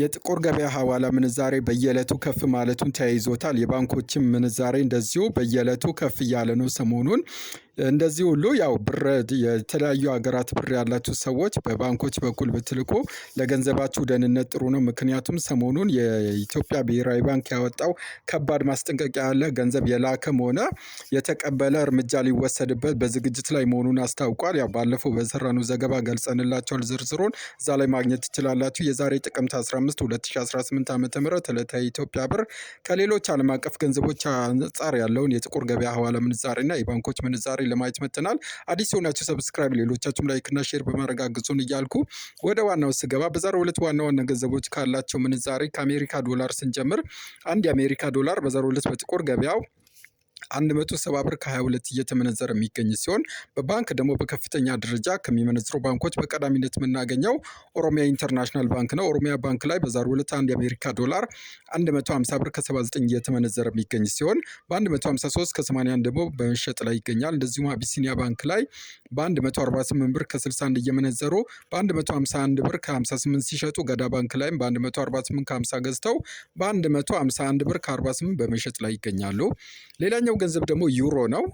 የጥቁር ገበያ ሐዋላ ምንዛሬ በየዕለቱ ከፍ ማለቱን ተያይዞታል። የባንኮችም ምንዛሬ እንደዚሁ በየዕለቱ ከፍ እያለ ነው ሰሞኑን እንደዚህ ሁሉ ያው ብር የተለያዩ ሀገራት ብር ያላችሁ ሰዎች በባንኮች በኩል ብትልኩ ለገንዘባችሁ ደህንነት ጥሩ ነው። ምክንያቱም ሰሞኑን የኢትዮጵያ ብሔራዊ ባንክ ያወጣው ከባድ ማስጠንቀቂያ ያለ ገንዘብ የላከም ሆነ የተቀበለ እርምጃ ሊወሰድበት በዝግጅት ላይ መሆኑን አስታውቋል። ያው ባለፈው በሰራነው ዘገባ ገልጸንላቸዋል። ዝርዝሩን እዛ ላይ ማግኘት ትችላላችሁ። የዛሬ ጥቅምት 15 2018 ዓ ም ዕለታዊ ኢትዮጵያ ብር ከሌሎች ዓለም አቀፍ ገንዘቦች አንጻር ያለውን የጥቁር ገበያ ሐዋላ ምንዛሬና የባንኮች ምንዛሬ ዛሬ ለማየት መጥተናል። አዲስ የሆናችሁ ሰብስክራይብ፣ ሌሎቻችሁም ላይክና ሼር በማድረግ አግዙን እያልኩ ወደ ዋናው ስገባ በዛሬው ዕለት ዋና ዋና ገንዘቦች ካላቸው ምንዛሬ ከአሜሪካ ዶላር ስንጀምር አንድ የአሜሪካ ዶላር በዛሬው ዕለት በጥቁር ገበያው 170 ብር ከ22 እየተመነዘረ የሚገኝ ሲሆን በባንክ ደግሞ በከፍተኛ ደረጃ ከሚመነዝሩ ባንኮች በቀዳሚነት የምናገኘው ኦሮሚያ ኢንተርናሽናል ባንክ ነው። ኦሮሚያ ባንክ ላይ በዛሬው ዕለት አንድ የአሜሪካ ዶላር 150 ብር ከ79 እየተመነዘረ የሚገኝ ሲሆን በ153 ከ81 ደግሞ በመሸጥ ላይ ይገኛል። እንደዚሁም አቢሲኒያ ባንክ ላይ በ148 ብር ከ61 እየመነዘሩ በ151 ብር ከ58 ሲሸጡ ገዳ ባንክ ላይም በ148 ከ50 ገዝተው በ151 ብር ከ48 በመሸጥ ላይ ይገኛሉ። ሌላኛው የመጀመሪያው ገንዘብ ደግሞ ዩሮ ነው።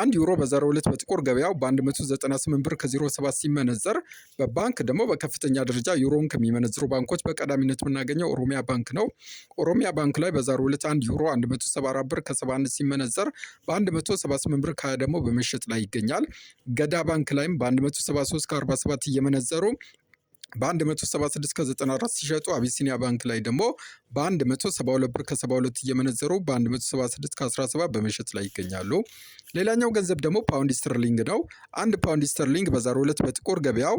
አንድ ዩሮ በዛሬው ዕለት በጥቁር ገበያው በ198 ብር ከ07 ሲመነዘር በባንክ ደግሞ በከፍተኛ ደረጃ ዩሮን ከሚመነዝሩ ባንኮች በቀዳሚነት የምናገኘው ኦሮሚያ ባንክ ነው። ኦሮሚያ ባንክ ላይ በዛሬው ዕለት አንድ ዩሮ 174 ብር ከ71 ሲመነዘር በ178 ብር ከ20 ደግሞ በመሸጥ ላይ ይገኛል። ገዳ ባንክ ላይም በ173 ከ47 እየመነዘሩ በ176 ከ94 ሲሸጡ አቢሲኒያ ባንክ ላይ ደግሞ በ172 ብር ከ72 እየመነዘሩ በ176 ከ17 በመሸጥ ላይ ይገኛሉ። ሌላኛው ገንዘብ ደግሞ ፓውንድ ስተርሊንግ ነው። አንድ ፓውንድ ስተርሊንግ በዛሬው ዕለት በጥቁር ገበያው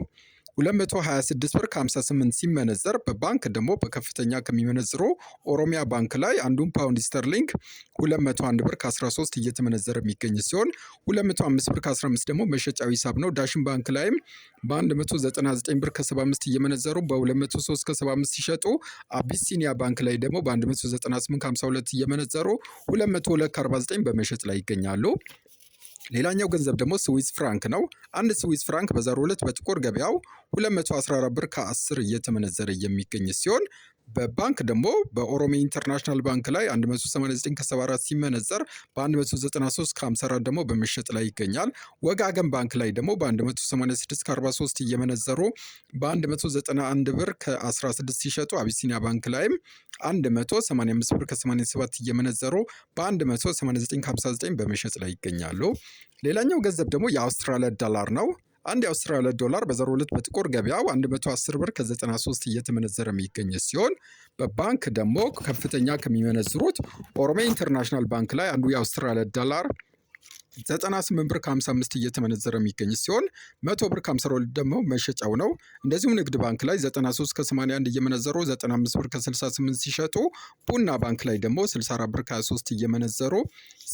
226 ብር ከ58 ሲመነዘር በባንክ ደግሞ በከፍተኛ ከሚመነዝሮ ኦሮሚያ ባንክ ላይ አንዱን ፓውንድ ስተርሊንግ 201 ብር ከ13 እየተመነዘረ የሚገኝ ሲሆን 205 ብር ከ15 ደግሞ መሸጫው ሂሳብ ነው። ዳሽን ባንክ ላይም በ199 ብር ከ75 እየመነዘሩ በ203 ከ75 ሲሸጡ፣ አቢሲኒያ ባንክ ላይ ደግሞ በ198 ከ52 እየመነዘሩ 202 ከ49 በመሸጥ ላይ ይገኛሉ። ሌላኛው ገንዘብ ደግሞ ስዊስ ፍራንክ ነው። አንድ ስዊስ ፍራንክ በዛሬው ዕለት በጥቁር ገበያው 214 ብር ከ10 እየተመነዘረ የሚገኝ ሲሆን በባንክ ደግሞ በኦሮሚ ኢንተርናሽናል ባንክ ላይ 189 ከ74 ሲመነዘር በ193 ከ54 ደግሞ በመሸጥ ላይ ይገኛል። ወጋገን ባንክ ላይ ደግሞ በ186 ከ43 እየመነዘሩ በ191 ብር ከ16 ሲሸጡ፣ አቢሲኒያ ባንክ ላይም 185 ብር ከ87 እየመነዘሩ በ189 ከ59 በመሸጥ ላይ ይገኛሉ። ሌላኛው ገንዘብ ደግሞ የአውስትራሊያ ዶላር ነው። አንድ የአውስትራሊያ ዶላር በ02 በጥቁር ገበያ 110 ብር ከ93 እየተመነዘረ የሚገኝ ሲሆን በባንክ ደግሞ ከፍተኛ ከሚመነዝሩት ኦሮሚያ ኢንተርናሽናል ባንክ ላይ አንዱ የአውስትራሊያ ዶላር 98 ብር ከ55 እየተመነዘረ የሚገኝ ሲሆን 100 ብር ከ52 ደግሞ መሸጫው ነው። እንደዚሁም ንግድ ባንክ ላይ 93 ከ81 እየመነዘሩ 95 ብር ከ68 ሲሸጡ ቡና ባንክ ላይ ደግሞ 64 ብር ከ23 እየመነዘሩ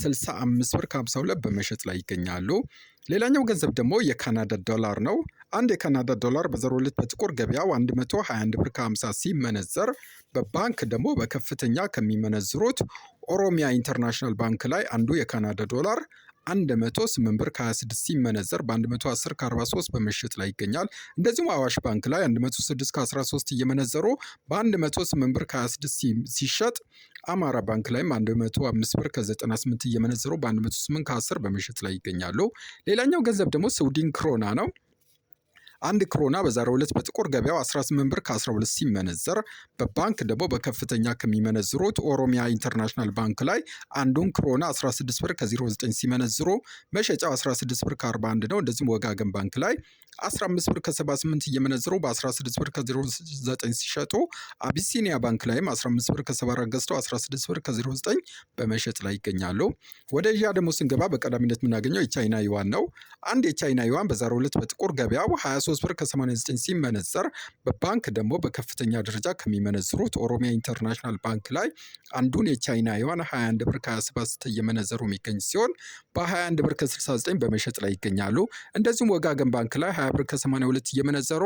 65 ብር ከ52 በመሸጥ ላይ ይገኛሉ። ሌላኛው ገንዘብ ደግሞ የካናዳ ዶላር ነው። አንድ የካናዳ ዶላር በ02 በጥቁር ገበያው 121 ብር ከ50 ሲመነዘር በባንክ ደግሞ በከፍተኛ ከሚመነዝሩት ኦሮሚያ ኢንተርናሽናል ባንክ ላይ አንዱ የካናዳ ዶላር 108 ብር ከ26 ሲመነዘር በ110 ከ43 ላይ ይገኛል። እንደዚሁም አዋሽ ባንክ ላይ 106 ከ13 እየመነዘሩ በ108 ብር ከ26 ሲሸጥ አማራ ባንክ ላይም 105 ብር ከ98 እየመነዘሩ በ108 ከ10 ላይ ይገኛሉ። ሌላኛው ገንዘብ ደግሞ ስዊድን ክሮና ነው። አንድ ክሮና በዛሬው ዕለት በጥቁር ገበያው 18 ብር ከ12 ሲመነዘር በባንክ ደግሞ በከፍተኛ ከሚመነዝሩት ኦሮሚያ ኢንተርናሽናል ባንክ ላይ አንዱን ክሮና 16 ብር ከ09 ሲመነዝሩ መሸጫው 16 ብር ከ41 ነው። እንደዚሁም ወጋገን ባንክ ላይ 15 ብር ከ78 እየመነዘሩ በ16 ብር ከ09 ሲሸጡ አቢሲኒያ ባንክ ላይም 15 ብር ከ74 ገዝተው 16 ብር ከ09 በመሸጥ ላይ ይገኛሉ። ወደ ዣ ደግሞ ስንገባ በቀዳሚነት የምናገኘው የቻይና ዩዋን ነው። አንድ የቻይና ዩዋን በዛሬው ዕለት በጥቁር ገበያው 23 ብር ከ89 ሲመነዘር በባንክ ደግሞ በከፍተኛ ደረጃ ከሚመነዝሩት ኦሮሚያ ኢንተርናሽናል ባንክ ላይ አንዱን የቻይና ዩዋን 21 ብር ከ27 እየመነዘሩ የሚገኝ ሲሆን በ21 ብር ከ69 በመሸጥ ላይ ይገኛሉ። እንደዚሁም ወጋገን ባንክ ላይ 20 ብር ከ82 እየመነዘሩ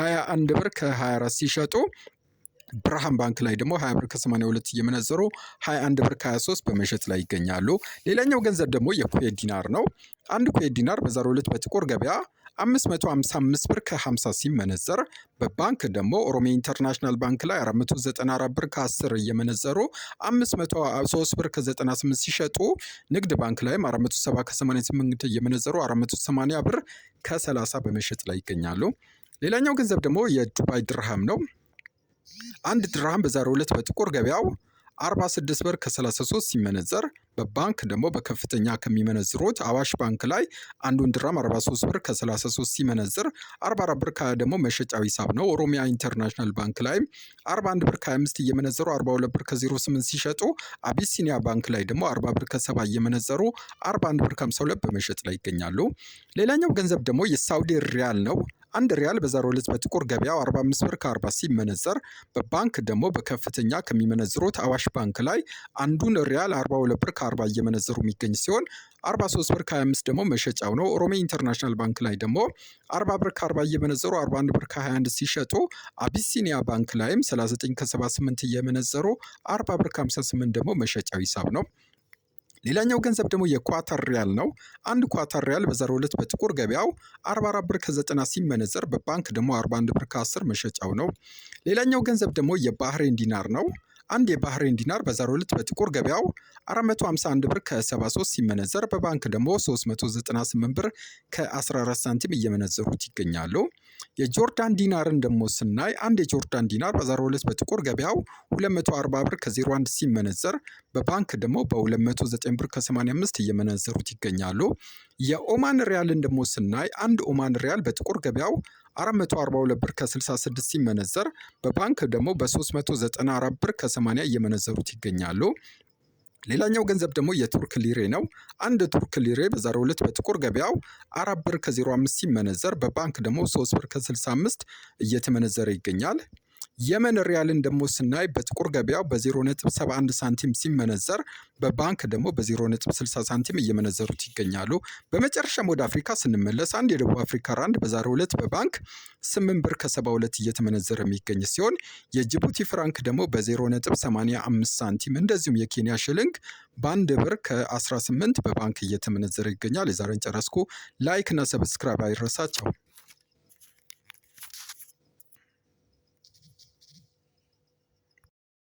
21 ብር ከ24 ሲሸጡ ብርሃን ባንክ ላይ ደግሞ 20 ብር ከ82 እየመነዘሩ 21 ብር ከ23 በመሸጥ ላይ ይገኛሉ። ሌላኛው ገንዘብ ደግሞ የኩዌት ዲናር ነው። አንድ ኩዌት ዲናር በዛሬው ዕለት በጥቁር ገበያ 555 ብር ከ50 ሲመነዘር በባንክ ደግሞ ኦሮሚያ ኢንተርናሽናል ባንክ ላይ 494 ብር ከ10 እየመነዘሩ 503 ብር ከ98 ሲሸጡ ንግድ ባንክ ላይም 470 ከ88 እየመነዘሩ 480 ብር ከ30 በመሸጥ ላይ ይገኛሉ። ሌላኛው ገንዘብ ደግሞ የዱባይ ድርሃም ነው። አንድ ድርሃም በዛሬው ዕለት በጥቁር ገበያው 46 ብር ከ33 ሲመነዘር በባንክ ደግሞ በከፍተኛ ከሚመነዝሩት አዋሽ ባንክ ላይ አንዱን ድራም 43 ብር ከ33 ሲመነዝር 44 ብር ደግሞ መሸጫው ሂሳብ ነው። ኦሮሚያ ኢንተርናሽናል ባንክ ላይ 41 ብር ከ25 እየመነዘሩ 42 ብር ከ08 ሲሸጡ አቢሲኒያ ባንክ ላይ ደግሞ 40 ብር ከ7 እየመነዘሩ 41 ብር ከ52 በመሸጥ ላይ ይገኛሉ። ሌላኛው ገንዘብ ደግሞ የሳውዲ ሪያል ነው። አንድ ሪያል በዛሬው ዕለት በጥቁር ገበያው 45 ብር ከ40 ሲመነዘር በባንክ ደግሞ በከፍተኛ ከሚመነዝሩት አዋሽ ባንክ ላይ አንዱን ሪያል 42 ብር ከ40 እየመነዘሩ የሚገኝ ሲሆን 43 ብር ከ25 ደግሞ መሸጫው ነው። ኦሮሚያ ኢንተርናሽናል ባንክ ላይ ደግሞ 40 ብር ከ40 እየመነዘሩ 41 ብር ከ21 ሲሸጡ አቢሲኒያ ባንክ ላይም 39 ከ78 እየመነዘሩ 40 ብር ከ58 ደግሞ መሸጫው ሂሳብ ነው። ሌላኛው ገንዘብ ደግሞ የኳተር ሪያል ነው። አንድ ኳተር ሪያል በ02 በጥቁር ገበያው 44 ብር ከ90 ሲመነዘር በባንክ ደግሞ 41 ብር ከ10 መሸጫው ነው። ሌላኛው ገንዘብ ደግሞ የባህሬን ዲናር ነው። አንድ የባህሬን ዲናር በ02 በጥቁር ገበያው 451 ብር ከ73 ሲመነዘር በባንክ ደግሞ 398 ብር ከ14 ሳንቲም እየመነዘሩት ይገኛሉ። የጆርዳን ዲናርን ደግሞ ስናይ አንድ የጆርዳን ዲናር በዛሬው ዕለት በጥቁር ገበያው 240 ብር ከ01 ሲመነዘር በባንክ ደግሞ በ209 ብር ከ85 እየመነዘሩት ይገኛሉ። የኦማን ሪያልን ደግሞ ስናይ አንድ ኦማን ሪያል በጥቁር ገበያው 442 ብር ከ66 ሲመነዘር በባንክ ደግሞ በ394 ብር ከ80 እየመነዘሩት ይገኛሉ። ሌላኛው ገንዘብ ደግሞ የቱርክ ሊሬ ነው። አንድ ቱርክ ሊሬ በዛሬው ዕለት በጥቁር ገበያው አራት ብር ከ05 ሲመነዘር በባንክ ደግሞ 3 ብር ከ65 እየተመነዘረ ይገኛል። የመን ሪያልን ደግሞ ስናይ በጥቁር ገበያው በ0.71 ሳንቲም ሲመነዘር በባንክ ደግሞ በ0.60 ሳንቲም እየመነዘሩት ይገኛሉ። በመጨረሻም ወደ አፍሪካ ስንመለስ አንድ የደቡብ አፍሪካ ራንድ በዛሬው ዕለት በባንክ 8 ብር ከ72 እየተመነዘረ የሚገኝ ሲሆን የጅቡቲ ፍራንክ ደግሞ በ0.85 ሳንቲም እንደዚሁም የኬንያ ሽልንግ በአንድ ብር ከ18 በባንክ እየተመነዘረ ይገኛል። የዛሬን ጨረስኩ። ላይክ እና ሰብስክራይብ አይረሳቸው።